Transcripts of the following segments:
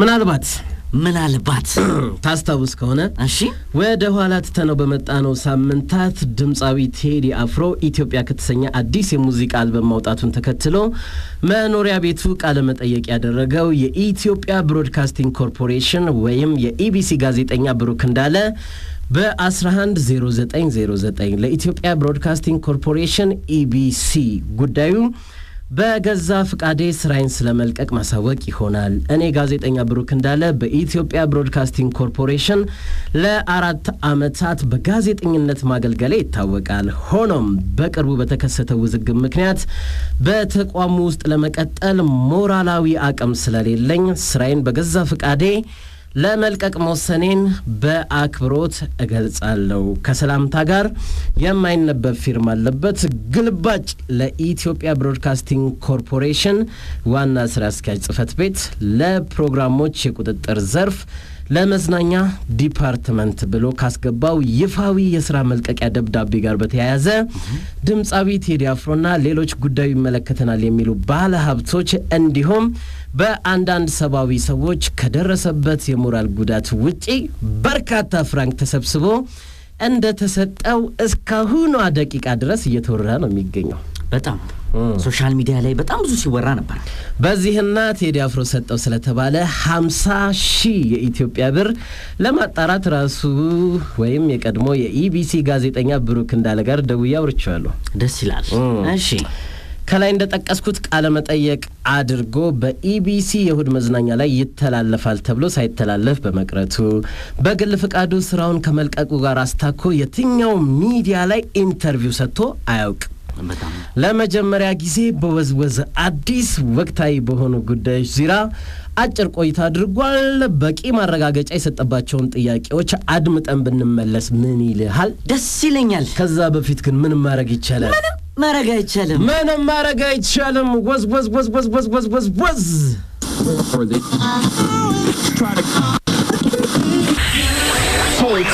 ምናልባት ምናልባት ታስታውስ ከሆነ እሺ፣ ወደ ኋላ ትተነው በመጣነው ሳምንታት ድምፃዊ ቴዲ አፍሮ ኢትዮጵያ ከተሰኘ አዲስ የሙዚቃ አልበም ማውጣቱን ተከትሎ መኖሪያ ቤቱ ቃለ መጠየቅ ያደረገው የኢትዮጵያ ብሮድካስቲንግ ኮርፖሬሽን ወይም የኢቢሲ ጋዜጠኛ ብሩክ እንዳለ በ110909 ለኢትዮጵያ ብሮድካስቲንግ ኮርፖሬሽን ኢቢሲ ጉዳዩ በገዛ ፍቃዴ ስራዬን ስለመልቀቅ ማሳወቅ ይሆናል። እኔ ጋዜጠኛ ብሩክ እንዳለ በኢትዮጵያ ብሮድካስቲንግ ኮርፖሬሽን ለአራት ዓመታት በጋዜጠኝነት ማገልገሌ ይታወቃል። ሆኖም በቅርቡ በተከሰተው ውዝግብ ምክንያት በተቋሙ ውስጥ ለመቀጠል ሞራላዊ አቅም ስለሌለኝ ስራዬን በገዛ ፍቃዴ ለመልቀቅ መወሰኔን በአክብሮት እገልጻለሁ። ከሰላምታ ጋር የማይነበብ ፊርማ አለበት። ግልባጭ ለኢትዮጵያ ብሮድካስቲንግ ኮርፖሬሽን ዋና ስራ አስኪያጅ ጽህፈት ቤት ለፕሮግራሞች የቁጥጥር ዘርፍ ለመዝናኛ ዲፓርትመንት ብሎ ካስገባው ይፋዊ የስራ መልቀቂያ ደብዳቤ ጋር በተያያዘ ድምፃዊ ቴዲ አፍሮና ሌሎች ጉዳዩ ይመለከተናል የሚሉ ባለ ሀብቶች እንዲሁም በአንዳንድ ሰብአዊ ሰዎች ከደረሰበት የሞራል ጉዳት ውጪ በርካታ ፍራንክ ተሰብስቦ እንደተሰጠው እስካሁኗ ደቂቃ ድረስ እየተወራ ነው የሚገኘው። በጣም ሶሻል ሚዲያ ላይ በጣም ብዙ ሲወራ ነበር። በዚህና ቴዲ አፍሮ ሰጠው ስለተባለ ሀምሳ ሺህ የኢትዮጵያ ብር ለማጣራት ራሱ ወይም የቀድሞ የኢቢሲ ጋዜጠኛ ብሩክ እንዳለ ጋር ደውዬ አውርቼዋለሁ። ደስ ይላል። እሺ ከላይ እንደጠቀስኩት ቃለ መጠየቅ አድርጎ በኢቢሲ የእሁድ መዝናኛ ላይ ይተላለፋል ተብሎ ሳይተላለፍ በመቅረቱ በግል ፍቃዱ ስራውን ከመልቀቁ ጋር አስታኮ የትኛው ሚዲያ ላይ ኢንተርቪው ሰጥቶ አያውቅ ለመጀመሪያ ጊዜ በወዝወዝ አዲስ ወቅታዊ በሆኑ ጉዳዮች ዙሪያ አጭር ቆይታ አድርጓል። በቂ ማረጋገጫ የሰጠባቸውን ጥያቄዎች አድምጠን ብንመለስ ምን ይልሃል? ደስ ይለኛል። ከዛ በፊት ግን ምን ማድረግ ይቻላል? ምንም ማድረግ አይቻልም። ምንም ማድረግ አይቻልም። ወዝ ወዝ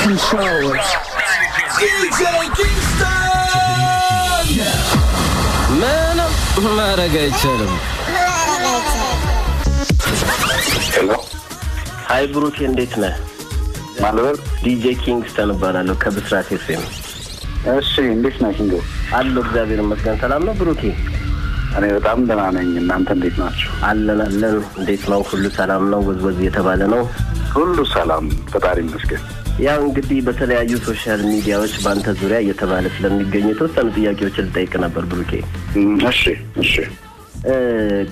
control. DJ Kingston! ማድረግ አይቻልም። ሀይ ብሩክ፣ እንዴት ነህ? ማልበር ዲጄ ኪንግስተን እባላለሁ ከብስራት ኤፍኤም። እሺ፣ እንዴት ነህ ኪንጎ? አለሁ እግዚአብሔር ይመስገን። ሰላም ነው ብሩኬ? እኔ በጣም ደህና ነኝ። እናንተ እንዴት ናችሁ? አለን አለን። እንዴት ነው? ሁሉ ሰላም ነው? ወዝወዝ እየተባለ ነው። ሁሉ ሰላም፣ ፈጣሪ ይመስገን። ያው እንግዲህ በተለያዩ ሶሻል ሚዲያዎች በአንተ ዙሪያ እየተባለ ስለሚገኝ የተወሰኑ ጥያቄዎች ልጠይቅ ነበር ብሩኬ። እሺ እሺ።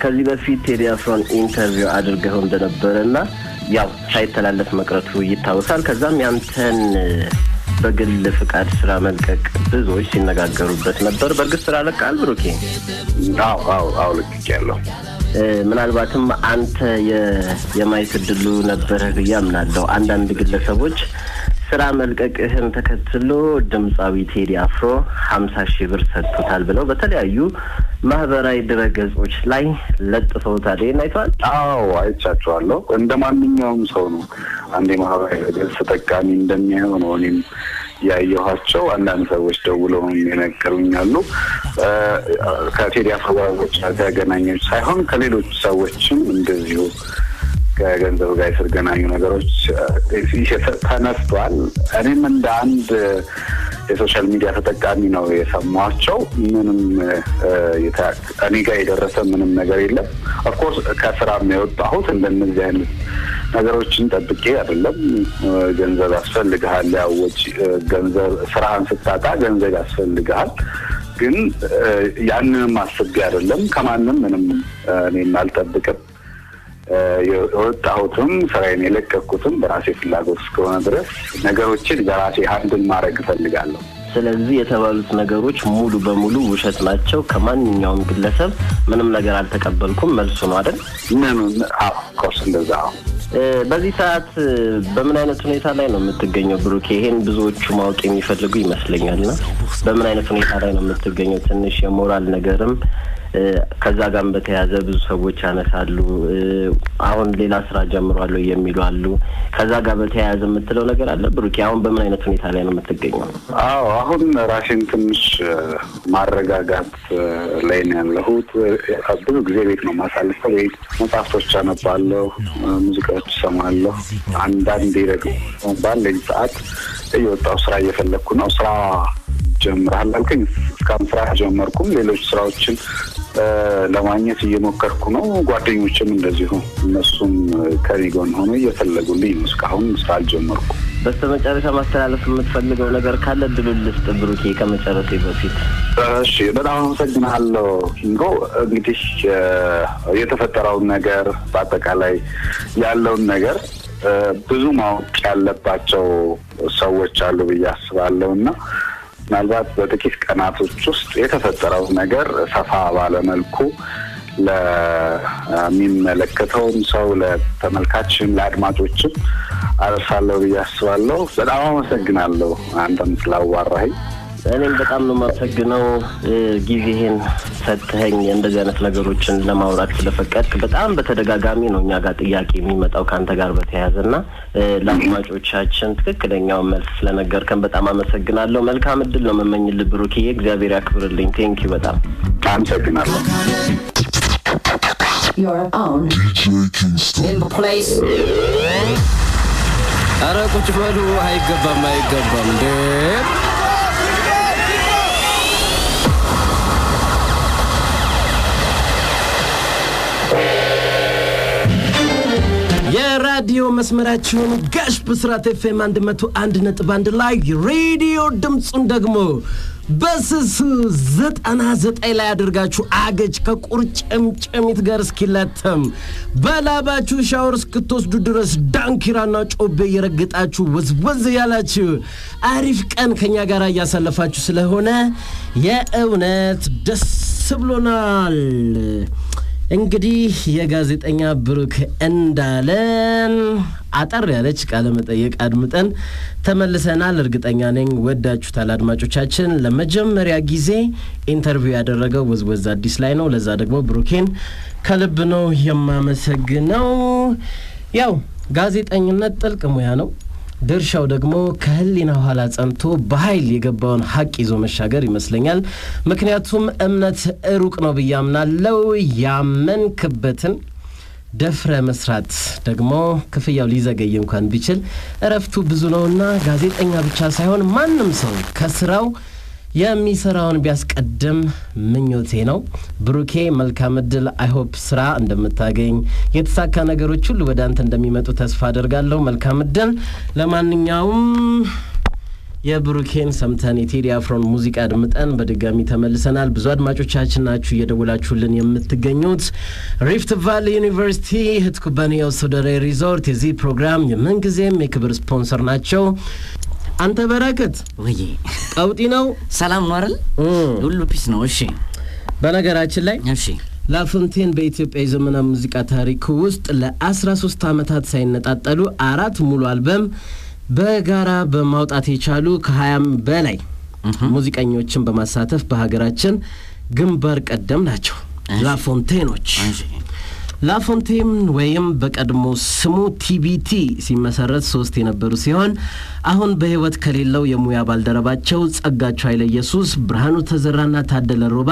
ከዚህ በፊት ቴዲ አፍሮን ኢንተርቪው አድርገው እንደነበረ እና ያው ሳይተላለፍ መቅረቱ ይታወሳል። ከዛም ያንተን በግል ፍቃድ ስራ መልቀቅ ብዙዎች ሲነጋገሩበት ነበር። በእርግጥ ስራ ለቃል ብሩኬ? አዎ አዎ አዎ ለቅቄያለሁ። ምናልባትም አንተ የማየት እድሉ ነበረ ብዬ አምናለሁ። አንዳንድ ግለሰቦች ስራ መልቀቅህን ተከትሎ ድምፃዊ ቴዲ አፍሮ ሀምሳ ሺህ ብር ሰጥቶታል ብለው በተለያዩ ማህበራዊ ድረገጾች ላይ ለጥፈውታል። ይህን አይተዋል? አዎ አይቻችኋለሁ። እንደ ማንኛውም ሰው ነው አንድ የማህበራዊ ድረገጽ ተጠቃሚ እንደሚሆን ነው እኔም ያየኋቸው አንዳንድ ሰዎች ደውለው የነገሩኝ አሉ። ከቴዲ አፍሮ ጋር ብቻ ተገናኘች ሳይሆን ከሌሎች ሰዎችም እንደዚሁ ከገንዘብ ጋር የተገናኙ ነገሮች ተነስቷል። እኔም እንደ አንድ የሶሻል ሚዲያ ተጠቃሚ ነው የሰማቸው። ምንም እኔ ጋር የደረሰ ምንም ነገር የለም። ኦፍኮርስ ከስራም የወጣሁት እንደነዚህ አይነት ነገሮችን ጠብቄ አይደለም። ገንዘብ ያስፈልግሃል፣ ያወጭ ገንዘብ ስራህን ስታጣ ገንዘብ ያስፈልግሃል። ግን ያንንም አስቤ አይደለም። ከማንም ምንም እኔም አልጠብቅም። የወጣሁትም ስራዬን የለቀኩትም በራሴ ፍላጎት እስከሆነ ድረስ ነገሮችን በራሴ ሀንድል ማድረግ እፈልጋለሁ። ስለዚህ የተባሉት ነገሮች ሙሉ በሙሉ ውሸት ናቸው። ከማንኛውም ግለሰብ ምንም ነገር አልተቀበልኩም መልሱ ነው አይደል? ምኑ ኮርስ እንደዛ። በዚህ ሰዓት በምን አይነት ሁኔታ ላይ ነው የምትገኘው ብሩኬ? ይሄን ብዙዎቹ ማወቅ የሚፈልጉ ይመስለኛልና በምን አይነት ሁኔታ ላይ ነው የምትገኘው? ትንሽ የሞራል ነገርም ከዛ ጋርም በተያያዘ ብዙ ሰዎች ያነሳሉ። አሁን ሌላ ስራ ጀምሯለሁ የሚሉ አሉ። ከዛ ጋር በተያያዘ የምትለው ነገር አለ ብሩኪ? አሁን በምን አይነት ሁኔታ ላይ ነው የምትገኘው? አዎ አሁን ራሴን ትንሽ ማረጋጋት ላይ ነው ያለሁት። ብዙ ጊዜ ቤት ነው ማሳልፈው። ወይ መጽሐፍቶች አነባለሁ፣ ሙዚቃዎች እሰማለሁ። አንዳንዴ ደግሞ ባለኝ ሰዓት እየወጣሁ ስራ እየፈለግኩ ነው። ስራ ጀምራል አልከኝ። እስካሁን ስራ አልጀመርኩም። ሌሎች ስራዎችን ለማግኘት እየሞከርኩ ነው። ጓደኞችም እንደዚሁ እነሱም ከሪጎን ሆነ ሆኖ እየፈለጉልኝ ነው። እስካሁን ስራ አልጀመርኩ። በስተመጨረሻ ማስተላለፍ የምትፈልገው ነገር ካለ ድሉል ልስጥ። ብሩኬ ከመጨረሴ በፊት እሺ፣ በጣም አመሰግናለሁ ኪንጎ። እንግዲህ የተፈጠረውን ነገር በአጠቃላይ ያለውን ነገር ብዙ ማወቅ ያለባቸው ሰዎች አሉ ብዬ አስባለሁ እና ምናልባት በጥቂት ቀናቶች ውስጥ የተፈጠረው ነገር ሰፋ ባለመልኩ ለሚመለከተውም ሰው ለተመልካችም፣ ለአድማጮችም አደርሳለሁ ብዬ አስባለሁ። በጣም አመሰግናለሁ አንተም ስላዋራኸኝ። እኔም በጣም ነው የማመሰግነው ጊዜህን ሰጥተኸኝ እንደዚህ አይነት ነገሮችን ለማውራት ስለፈቀድክ። በጣም በተደጋጋሚ ነው እኛ ጋር ጥያቄ የሚመጣው ከአንተ ጋር በተያያዘ እና ለአድማጮቻችን ትክክለኛውን መልስ ስለነገርከን በጣም አመሰግናለሁ። መልካም እድል ነው የምመኝልህ ብሩክዬ። እግዚአብሔር ያክብርልኝ። ቴንኪ በጣም አመሰግናለሁ። አረ ቁጭ በሉ። አይገባም አይገባም እንዴ የራዲዮ መስመራችሁን ጋሽ ብስራት ኤፍኤም ነጥብ 101.1 ላይ ሬዲዮ ድምፁን ደግሞ በስስ 99 ላይ አድርጋችሁ አገጭ ከቁርጭምጭሚት ጋር እስኪለተም በላባችሁ ሻወር እስክትወስዱ ድረስ ዳንኪራና ጮቤ እየረግጣችሁ ወዝወዝ ያላችሁ አሪፍ ቀን ከኛ ጋር እያሳለፋችሁ ስለሆነ የእውነት ደስ ብሎናል። እንግዲህ የጋዜጠኛ ብሩክ እንዳለ አጠር ያለች ቃለ መጠየቅ አድምጠን ተመልሰናል። እርግጠኛ ነኝ ወዳችሁታል። አድማጮቻችን ለመጀመሪያ ጊዜ ኢንተርቪው ያደረገው ወዝወዝ አዲስ ላይ ነው። ለዛ ደግሞ ብሩኬን ከልብ ነው የማመሰግነው። ያው ጋዜጠኝነት ጥልቅ ሙያ ነው። ድርሻው ደግሞ ከህሊና ኋላ ጸንቶ በኃይል የገባውን ሀቅ ይዞ መሻገር ይመስለኛል። ምክንያቱም እምነት ሩቅ ነው ብያምናለው። አምናለው። ያመንክበትን ደፍረ መስራት ደግሞ ክፍያው ሊዘገይ እንኳን ቢችል እረፍቱ ብዙ ነውና ጋዜጠኛ ብቻ ሳይሆን ማንም ሰው ከስራው የሚሰራውን ቢያስቀድም ምኞቴ ነው። ብሩኬ መልካም እድል፣ አይሆፕ ስራ እንደምታገኝ የተሳካ ነገሮች ሁሉ ወደ አንተ እንደሚመጡ ተስፋ አደርጋለሁ። መልካም እድል። ለማንኛውም የብሩኬን ሰምተን የቴዲ አፍሮን ሙዚቃ ድምጠን በድጋሚ ተመልሰናል። ብዙ አድማጮቻችን ናችሁ እየደወላችሁልን የምትገኙት። ሪፍት ቫሊ ዩኒቨርሲቲ እህት ኩባንያው ሪዞርት የዚህ ፕሮግራም የምንጊዜም የክብር ስፖንሰር ናቸው። አንተ በረከት ወይ ቀውጢ ነው። ሰላም ነው አይደል? ሁሉ ፒስ ነው። እሺ፣ በነገራችን ላይ እሺ ላፎንቴን በኢትዮጵያ የዘመናዊ ሙዚቃ ታሪክ ውስጥ ለ13 ዓመታት ሳይነጣጠሉ አራት ሙሉ አልበም በጋራ በማውጣት የቻሉ ከ20 በላይ ሙዚቀኞችን በማሳተፍ በሀገራችን ግንባር ቀደም ናቸው ላፎንቴኖች። ላፎንቴን ወይም በቀድሞ ስሙ ቲቢቲ ሲመሰረት ሶስት የነበሩ ሲሆን አሁን በህይወት ከሌለው የሙያ ባልደረባቸው ጸጋቸው ኃይለ ኢየሱስ፣ ብርሃኑ ተዘራና ታደለ ሮባ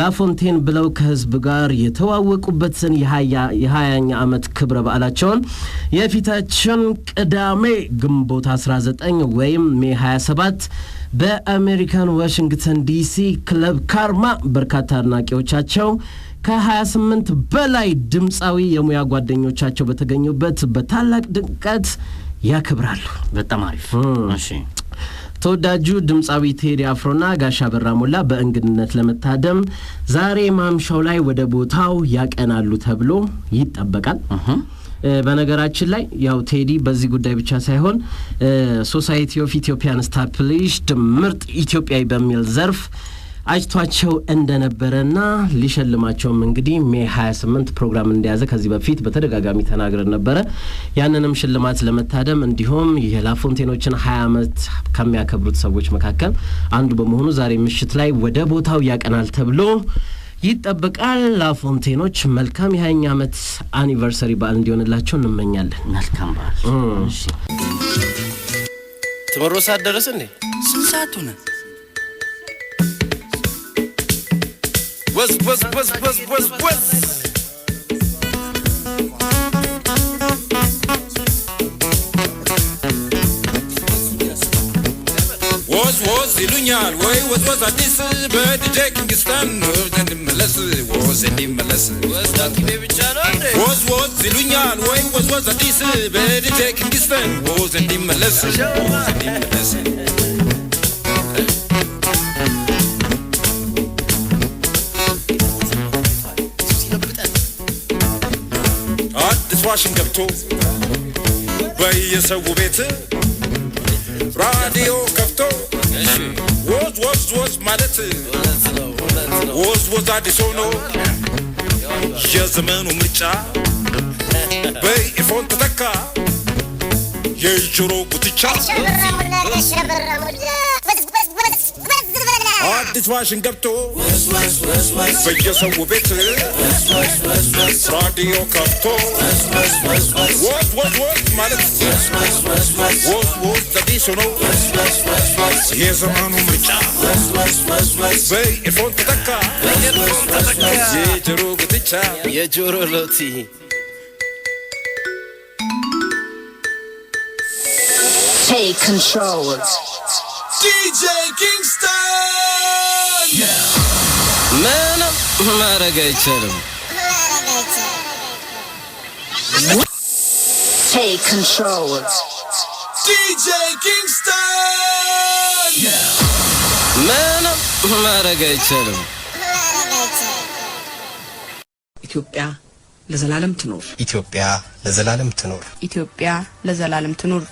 ላፎንቴን ብለው ከህዝብ ጋር የተዋወቁበትን የሀያኛ ዓመት ክብረ በዓላቸውን የፊታችን ቅዳሜ ግንቦት 19 ወይም ሜ 27 በአሜሪካን ዋሽንግተን ዲሲ ክለብ ካርማ በርካታ አድናቂዎቻቸው ከ28 በላይ ድምፃዊ የሙያ ጓደኞቻቸው በተገኙበት በታላቅ ድምቀት ያከብራሉ። በጣም አሪፍ። እሺ ተወዳጁ ድምፃዊ ቴዲ አፍሮና ጋሻ በራ ሞላ በእንግድነት ለመታደም ዛሬ ማምሻው ላይ ወደ ቦታው ያቀናሉ ተብሎ ይጠበቃል። በነገራችን ላይ ያው ቴዲ በዚህ ጉዳይ ብቻ ሳይሆን ሶሳይቲ ኦፍ ኢትዮጵያን ስታፕሊሽድ ምርጥ ኢትዮጵያዊ በሚል ዘርፍ አጭቷቸው እንደነበረና ሊሸልማቸውም እንግዲህ ሜ 28 ፕሮግራም እንደያዘ ከዚህ በፊት በተደጋጋሚ ተናግረን ነበረ። ያንንም ሽልማት ለመታደም እንዲሁም የላፎንቴኖችን 20 ዓመት ከሚያከብሩት ሰዎች መካከል አንዱ በመሆኑ ዛሬ ምሽት ላይ ወደ ቦታው ያቀናል ተብሎ ይጠበቃል። ላፎንቴኖች መልካም የሀያኛ ዓመት አኒቨርሰሪ በዓል እንዲሆንላቸው እንመኛለን። መልካም በዓል። ትምሮ ሰዓት ደረስ እንዴ? ስንት ሰዓት ሆነ? ወዝ ወዝ ወዝ ወዝ ወዝ ይሉኛል ወይ ወዝ አዲስ በዲጄ ኪንግስተን ወዝ ወዝ እንዲመለስ ወዝ ይሉኛል ወይ ወዝ አዲስ በዲጄ ኪንግስተን ወዝ እንዲመለስ ወዝ እንዲመለስ አዲስ ዋሽን ገብቶ በየሰው ቤት ራዲዮ ከፍቶ ወዝ ወዝ ወዝ ማለት ወዝ ወዝ አዲስ ሆኖ የዘመኑ ምርጫ በኢፎን ተተካ የጆሮ ጉትቻ አዲስ ፋሽን ገብቶ በየሰው ቤት ራዲዮ ከፍቶ ወዝ ወዝ ወዝ ማለት ወዝ ወዝ paradiso ነው የዘመኑ ምርጫ በይ ኤርፎን ተተካ የጆሮ ጉትቻ የጆሮ ሎቲ Take control. DJ Kingston! ምንም ማድረግ አይቻልም። Take control. ዲጄ ምንም ማድረግ አይቻልም። ኢትዮጵያ ለዘላለም ትኖር! ኢትዮጵያ ለዘላለም ትኖር! ኢትዮጵያ ለዘላለም ትኖር!